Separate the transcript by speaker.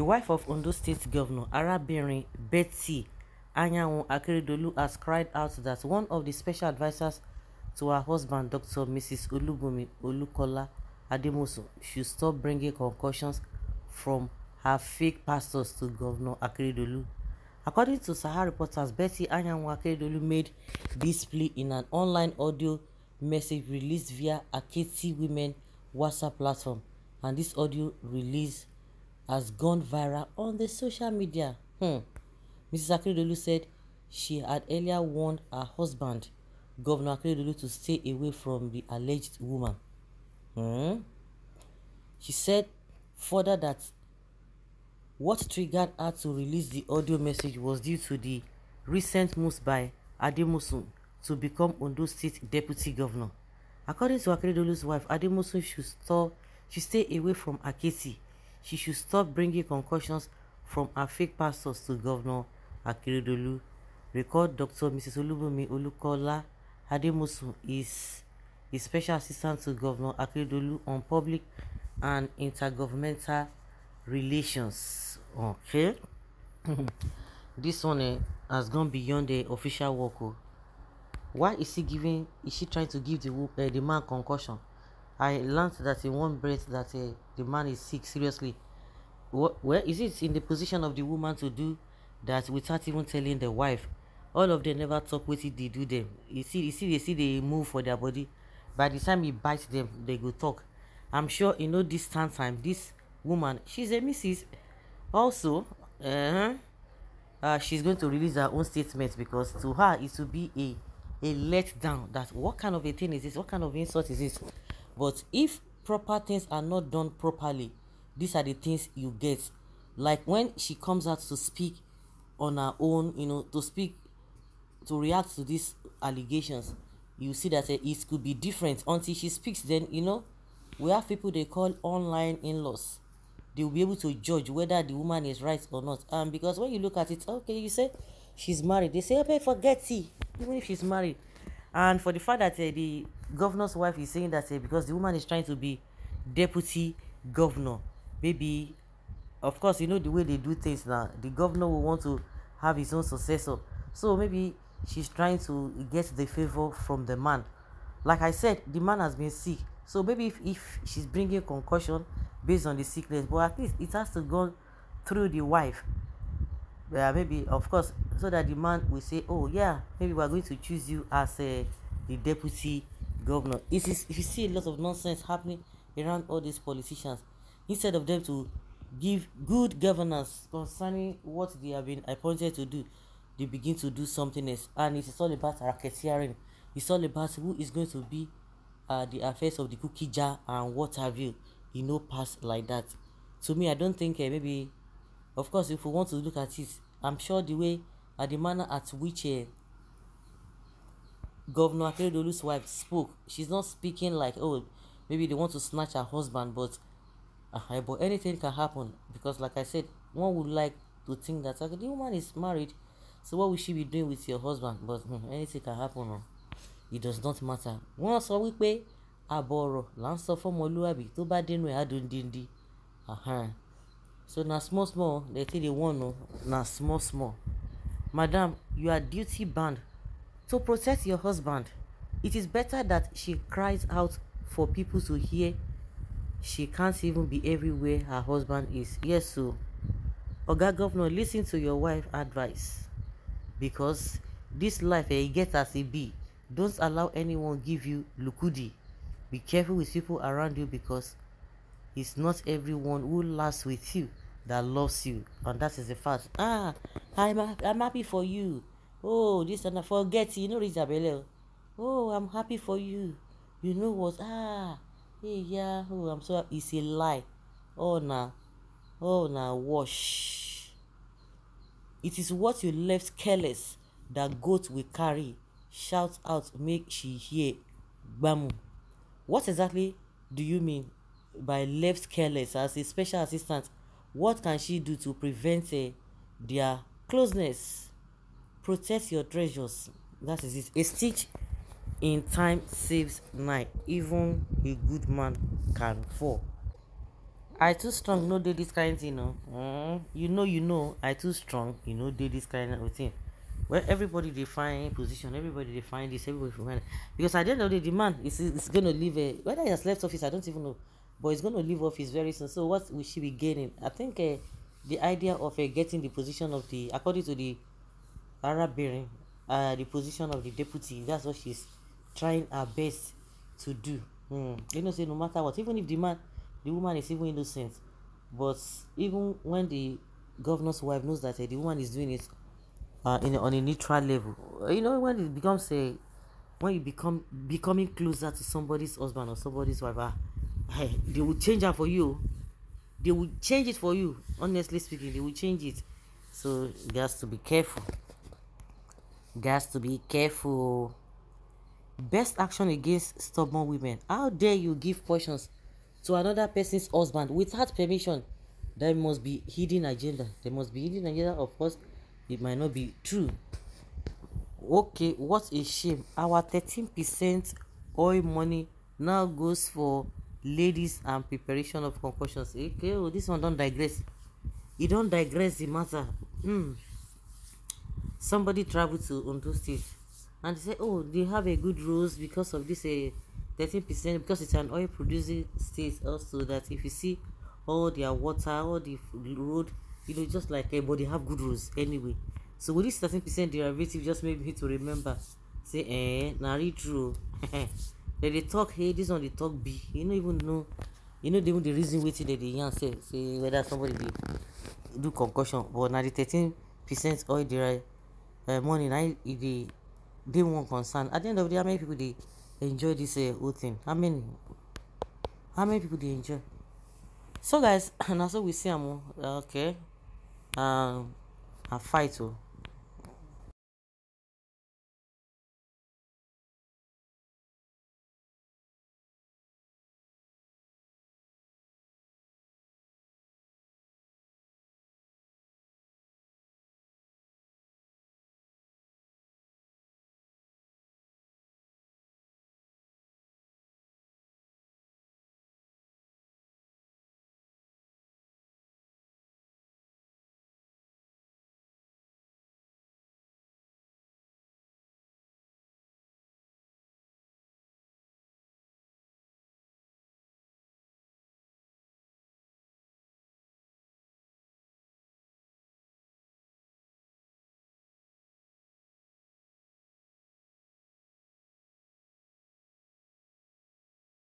Speaker 1: The wife of Ondo State Governor Arabinrin Betty Anyanwu Akeredolu has cried out that one of the special advisers to her husband, Dr. Mrs. Olubumi Olukola Ademosun, should stop bringing concussions from her fake pastors to Governor Akeredolu. According to Sahara reporters, Betty Anyanwu Akeredolu made this plea in an online audio message released via Akiti Women WhatsApp platform, and this audio release has gone viral on the social media. Hmm. Mrs. Akeredolu said she had earlier warned her husband, Governor Akeredolu, to stay away from the alleged woman. Hmm. She said further that what triggered her to release the audio message was due to the recent moves by Ademosun to become Ondo State Deputy Governor. According to Akeredolu's wife, Ademosun should, store, she stay away from Akiti she should stop bringing concussions from her fake pastors to Governor Akeredolu, Record Dr. Mrs. Olubunmi Olukola Ademosun is a special assistant to Governor Akeredolu on public and intergovernmental relations. Okay. this one eh, has gone beyond the official work. Oh. Why is he giving, is she trying to give the, uh, the man concussion? I learned that in one breath that uh, the man is sick seriously. where is it in the position of the woman to do that without even telling the wife? All of them never talk what they do them. You see, you see, they see they move for their body. By the time he bites them, they go talk. I'm sure you know this time time. This woman, she's a missus. Also, uh -huh, uh, she's going to release her own statement because to her it will be a a letdown. That what kind of a thing is this? What kind of insult is this? But if proper things are not done properly, these are the things you get. Like when she comes out to speak on her own, you know, to speak, to react to these allegations, you see that eh, it could be different until she speaks. Then, you know, we have people they call online in laws. They will be able to judge whether the woman is right or not. And um, because when you look at it, okay, you say she's married. They say, okay, eh, forget it. Even if she's married, And for the fact that uh, the governor's wife is saying that uh, because the woman is trying to be deputy governor, maybe, of course, you know the way they do things now, the governor will want to have his own successor. So maybe she's trying to get the favor from the man. Like I said, the man has been sick. So maybe if, if she's bringing concussion based on the sickness, but at least it has to go through the wife. Yeah, maybe, of course, so that the man will say, oh yeah, maybe we are going to choose you as uh, the deputy governor. It is if you see a lot of nonsense happening around all these politicians, instead of them to give good governance concerning what they have been appointed to do, they begin to do something else, and it is all about racketeering. It's all about who is going to be uh, the affairs of the cookie jar and what have you. You know, past like that. To me, I don't think uh, maybe, of course, if we want to look at it, I'm sure the way at the manner at which uh, Governor Akeredolu's wife spoke. She's not speaking like, oh, maybe they want to snatch her husband, but uh, but anything can happen because, like I said, one would like to think that okay, the woman is married, so what will she be doing with your husband? But hmm, anything can happen. Or oh. it does not matter. Wọ́n sọ wípé àbọ̀rọ̀ là ń sọ fọ́mọlúwàbí tó bá dénú ẹ̀ á dundindi. So na small small, they tell you one o, oh, na small small. Madam, you are duty bound to protect your husband. It is better that she cries out for people to hear. She can't even be everywhere her husband is. Yes, so Oga Governor, listen to your wife advice because this life eh, e get as e be. Don't allow anyone give you lukudi. Be careful with people around you because it's not everyone who laughs with you that loves you and that is the fact ah i'm i'm happy for you oh this and that forget you no reach their belle oh i'm happy for you you know what ah hey yeah oh i'm so happy it's a lie oh na oh na wash it is what you left careless that goat will carry shout out make she hear gbamu what exactly do you mean by left careless as a special assistant What can she do to prevent uh, their closeness? Protect your treasures. That is it. A stitch in time saves nine. Even a good man can fall. I too strong no dey this kind thing o. Mm-hmm. you know you know I too strong you know dey this kind of thing. Well everybody dey find position everybody dey find this everybody dey find that because at the end of the day the man is is gonna leave a eh, whether he has left office I don't even know but he's going to leave office very soon. So what will she be gaining? I think uh, the idea of uh, getting the position of the, according to the Arab bearing, uh, the position of the deputy, that's what she's trying her best to do. Mm. You know, say no matter what, even if the man, the woman is even innocent, but even when the governor's wife knows that uh, the woman is doing it uh, in on a neutral level, you know, when it becomes a when you become becoming closer to somebody's husband or somebody's wife. Uh, hey, they will change that for you. They will change it for you. Honestly speaking, they will change it. So you has to be careful. You to be careful. Best action against stubborn women. How dare you give portions to another person's husband without permission? There must be hidden agenda. There must be hidden agenda. Of course, it might not be true. Okay, what a shame. Our 13% oil money now goes for ladies and preparation of concoctions okay oh this one don't digress e don't digress the matter hmm somebody traveled to ondo state and they say oh they have a good rose because of this uh, eh, 13 percent because it's an oil producing state also that if you see all their water all the road you know just like eh but they have good rose anyway so with this 13 percent derivative just make me to remember say eh na true dem dey talk a this one dey talk b you no even know you no dey even dey reason wetin dem dey yarn sef say whether somebody dey do concussion but na the thirteen percent oil derived uh, um, money na e dey dey one concern at the end of the day how many people dey enjoy this uh, whole thing how many how many people dey enjoy so guys na so we see am o oh. okay um, na fight o. Oh.